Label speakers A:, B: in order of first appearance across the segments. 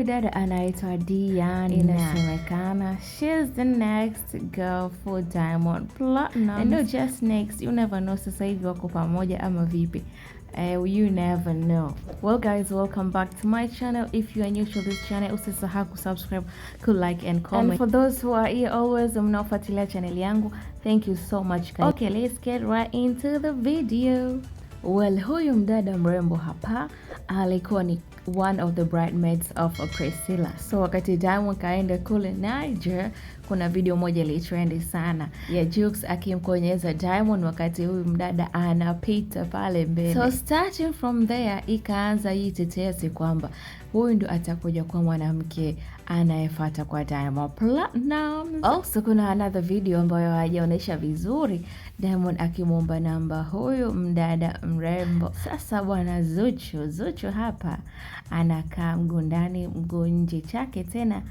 A: Huyu dada anaitwa Diana. Inasemekana she's the next girl for Diamond Platnumz. And no just next, you never know sasa hivi wako pamoja ama vipi? Uh, you never know. Well guys, welcome back to my channel. If you are new to this channel, usisahau kusubscribe, ku like and comment. And for those who are here always mnaofuatilia channel yangu, thank you so much guys. Okay, let's get right into the video. Well, huyu mdada mrembo hapa alikuwa ni one of the bridesmaids of Priscilla. So wakati Diamond kaenda kule Niger, kuna video moja ilitrendi sana ya Jux akimkonyeza Diamond wakati huyu mdada anapita pale mbele. So starting from there ikaanza hii tetesi kwamba huyu ndo atakuja kwa mwanamke anayefata kwa Diamond Platnumz. Also kuna another video ambayo hajaonyesha vizuri Diamond akimwomba namba huyu mdada mrembo. Sasa bwana Zuchu, Zuchu hapa anakaa mguu ndani mguu nje chake tena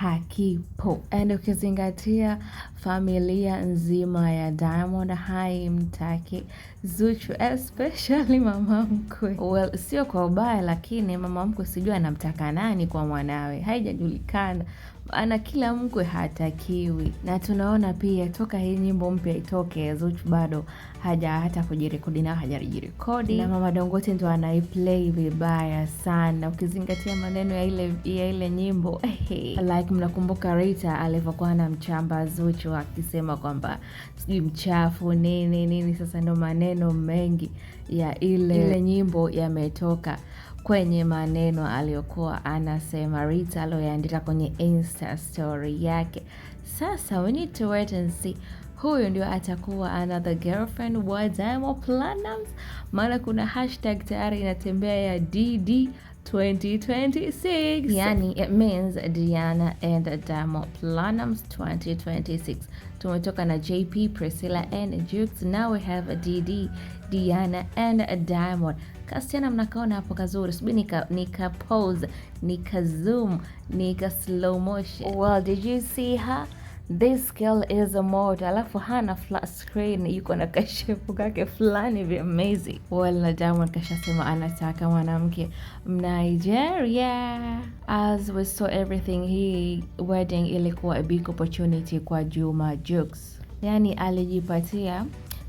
A: hakipo. And yaani ukizingatia familia nzima ya Diamond haimtaki Zuchu, especially mama mkwe. Well, sio kwa ubaya, lakini mama mkwe sijui anamtaka nani kwa mwanawe, haijajulikana ana kila mkwe hatakiwi, na tunaona pia toka hii nyimbo mpya itoke Zuchu bado haja hata kujirekodi nao hajajirekodi, na Mama dongote ndo anaiplay vibaya sana, ukizingatia maneno ya ile ya ile nyimbo Like mnakumbuka Rita alivyokuwa na mchamba Zuchu akisema kwamba sijui mchafu nini nini. Sasa ndo maneno mengi ya ile ile nyimbo yametoka kwenye maneno aliyokuwa anasema Rita aliyoandika kwenye Insta story yake. Sasa we need to wait and see huyu ndio atakuwa another girlfriend wa Diamond Platnumz, maana kuna hashtag tayari inatembea ya DD 2026. Yani, it means Diana and Damo planums 2026. Tumetoka na JP, Priscilla and Jukes. Now we have DD, Diana and Diamond. Kasichana mnakaona hapo kazuri, subi nika, nika pose, nika zoom, nika slow motion. Well, did you see her? this girl is a mod alafu hana flat screen, yuko na kashefu kake fulani vya amazing. Wala Diamond kashasema anataka mwanamke Nigeria. As we saw everything, hii wedding ilikuwa a big opportunity kwa Juma Jux, yani alijipatia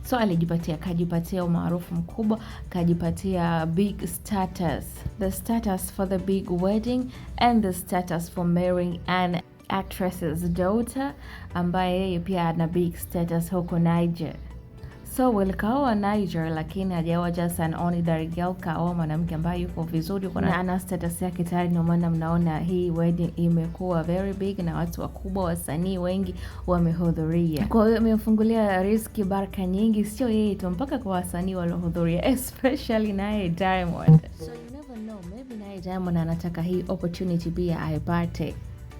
A: so alijipatia kajipatia umaarufu mkubwa, kajipatia big status, the status for the big wedding and the status for marrying an actress's daughter ambaye yeye pia ana big status huko Niger. So walikaoa Niger, lakini hajaoa just an ordinary girl, kaoa mwanamke ambaye yuko vizuri na ana status yake tayari. Ndio maana mnaona hii wedding imekuwa very big na watu wakubwa, wasanii wengi wamehudhuria. Kwa hiyo imemfungulia riski, baraka nyingi, sio yeye tu, mpaka kwa wasanii waliohudhuria, especially naye Diamond. So you never know, maybe naye Diamond anataka hii opportunity pia aipate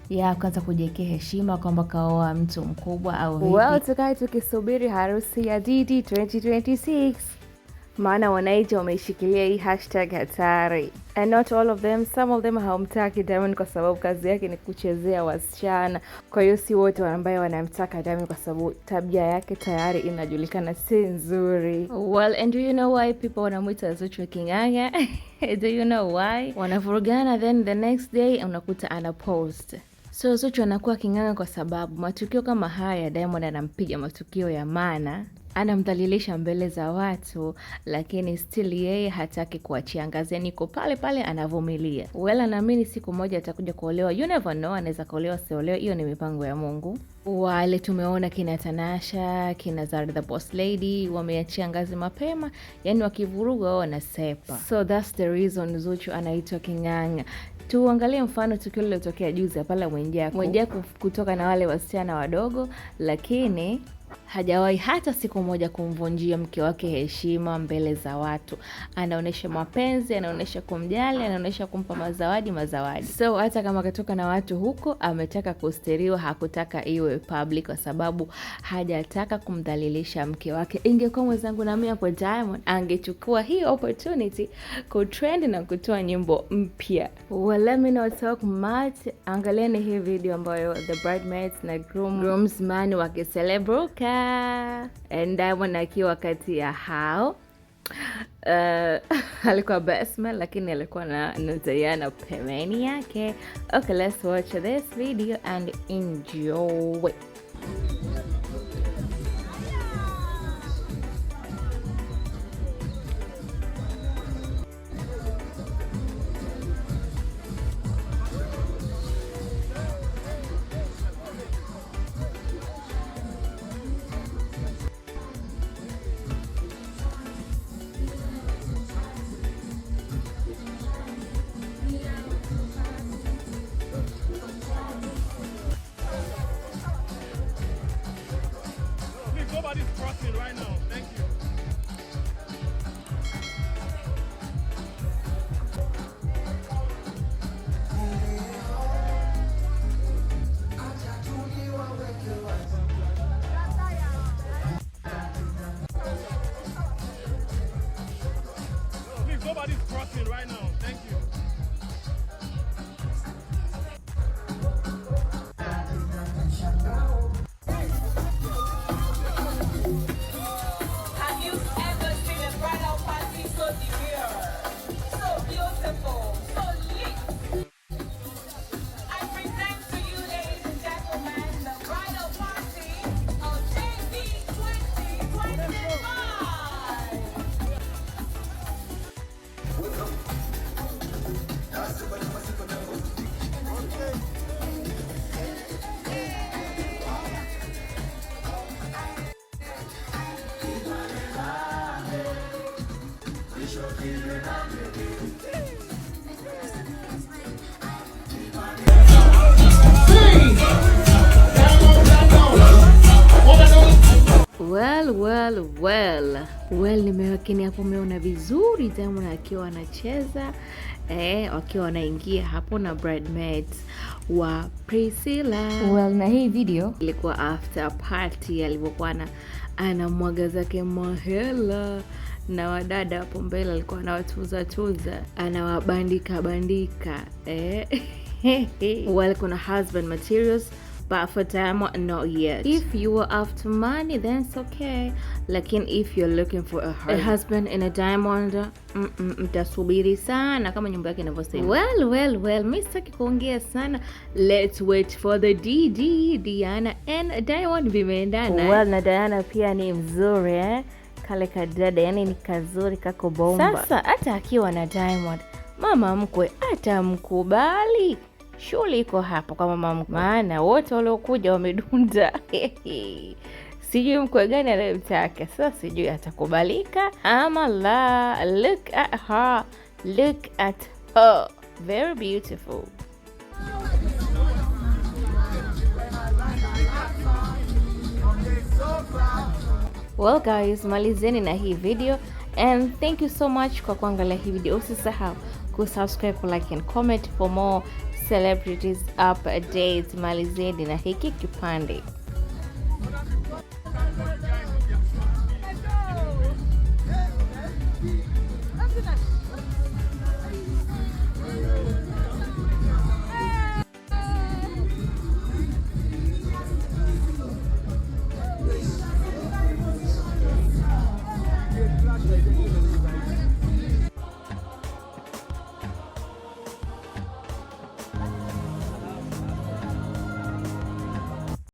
A: ya kwanza kujiwekea heshima kwamba kaoa mtu mkubwa au vipi? Well, tukae tukisubiri harusi ya Didi 2026 maana wanaija wameishikilia hii hashtag hatari, and not all of them, some of them hawamtaki Diamond kwa sababu kazi yake ni kuchezea wasichana. Kwa hiyo si wote ambaye wanamtaka Diamond kwa sababu tabia yake tayari inajulikana si nzuri. Well, and do you know why people wanamwita Zuchu Kinganya? do you know why? Wanavurugana, then the next day unakuta ana post So Zuchu anakuwa kinganga kwa sababu matukio kama haya, Diamond anampiga matukio ya maana, anamdhalilisha mbele za watu, lakini still yeye hataki kuachia ngazi, yani iko pale pale, anavumilia. Well, anaamini siku moja atakuja kuolewa, you never know, anaweza kuolewa, siolewa, hiyo ni mipango ya Mungu. Wale tumeona kina Tanasha, kina Zari the Boss Lady wameachia ngazi mapema, yani wakivuruga wao wanasepa. So that's the reason Zuchu anaitwa king'ang'a. Tuangalie mfano tukio lililotokea juzi pale Mwenjaku, Mwenjaku kutoka na wale wasichana wadogo, lakini Hajawahi hata siku moja kumvunjia mke wake heshima mbele za watu. Anaonyesha mapenzi, anaonyesha kumjali, anaonyesha kumpa mazawadi mazawadi. So hata kama katoka na watu huko, ametaka kusteriwa, hakutaka iwe public kwa sababu hajataka kumdhalilisha mke wake. Ingekuwa mwenzangu nami hapo, Diamond angechukua hii opportunity kutrend na kutoa nyimbo mpya. Well, let me not talk much. Angalieni hii video ambayo the bridesmaids na groom, groomsman wakicelebrate miaka. Diamond akiwa kati ya hao uh, alikuwa Basma lakini alikuwa na, na pemeni yake. Okay, let's watch this video and enjoy. laughing right now. Thank you. Well, well, well, well, nimewakini hapo, umeona vizuri Diamond akiwa anacheza eh, wakiwa wanaingia hapo na bridesmaids wa Priscilla. Well, na hii video ilikuwa after party alivyokuwa ana mwaga zake mahela na wadada hapo mbele, alikuwa anawatuza tuza, anawabandika bandika eh. Well, kuna husband materials but for diamond not yet if you were after money then it's okay lakini if you're looking for a, a husband in a diamond mtasubiri sana kama nyumba yake inavyosema well well well mi sitaki kuongea sana let's wait for the dd diana and diamond vimeendana well na diana pia ni mzuri eh? kale kadada yani ni kazuri kako bomba sasa hata akiwa na diamond mama mkwe atamkubali Shule iko hapo kwa mama mkwe, maana wote waliokuja wamedunda sijui mkwe gani anayemtaka sasa, sijui atakubalika ama la. Look at her, look at her, very beautiful. Well guys, malizeni na hii video and thank you so much kwa kuangalia hii video. Usisahau kusubscribe, like and comment for more celebrities up dates. Malizedi na hiki kipande.